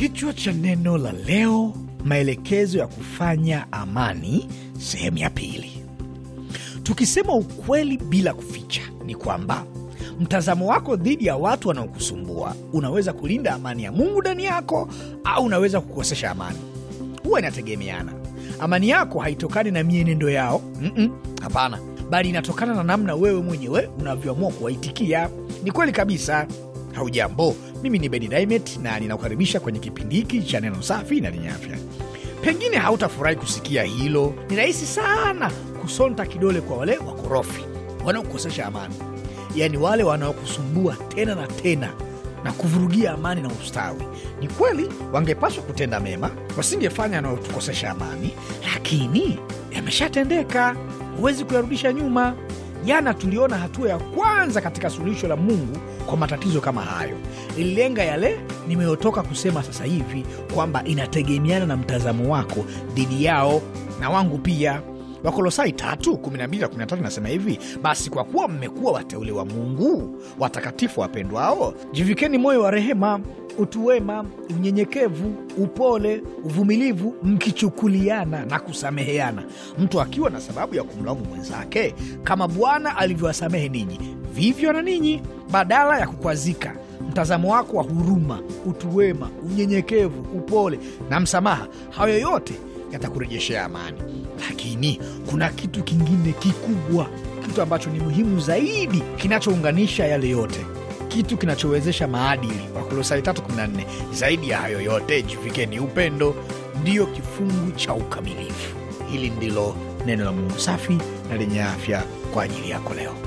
Kichwa cha neno la leo, maelekezo ya kufanya amani, sehemu ya pili. Tukisema ukweli bila kuficha, ni kwamba mtazamo wako dhidi ya watu wanaokusumbua unaweza kulinda amani ya Mungu ndani yako au unaweza kukosesha amani. Huwa inategemeana. Amani yako haitokani na mienendo yao, hapana mm -mm, bali inatokana na namna wewe mwenyewe unavyoamua kuwaitikia. Ni kweli kabisa. Haujambo, mimi ni Bedi Daimet na ninakukaribisha kwenye kipindi hiki cha neno safi na lenye afya. Pengine hautafurahi kusikia hilo. Ni rahisi sana kusonta kidole kwa wale wakorofi wanaokukosesha amani, yaani wale wanaokusumbua tena na tena na kuvurugia amani na ustawi. Ni kweli wangepaswa kutenda mema, wasingefanya yanayotukosesha amani, lakini yameshatendeka, huwezi kuyarudisha nyuma. Jana tuliona hatua ya kwanza katika suluhisho la Mungu kwa matatizo kama hayo. Ililenga yale nimeyotoka kusema sasa hivi, kwamba inategemeana na mtazamo wako dhidi yao na wangu pia. Wakolosai 3:12-13 inasema hivi: basi kwa kuwa mmekuwa wateule wa Mungu, watakatifu wapendwao, jivikeni moyo wa rehema, utu wema, unyenyekevu, upole, uvumilivu, mkichukuliana na kusameheana, mtu akiwa na sababu ya kumlaumu mwenzake, kama Bwana alivyowasamehe ninyi, vivyo na ninyi. Badala ya kukwazika, mtazamo wako wa huruma, utu wema, unyenyekevu, upole na msamaha, hayo yote yatakurejeshea amani. Lakini kuna kitu kingine kikubwa, kitu ambacho ni muhimu zaidi, kinachounganisha yale yote, kitu kinachowezesha maadili. wa kolosai 3:14. Zaidi ya hayo yote, jivikeni upendo, ndiyo kifungu cha ukamilifu. Hili ndilo neno la Mungu safi na lenye afya kwa ajili yako leo.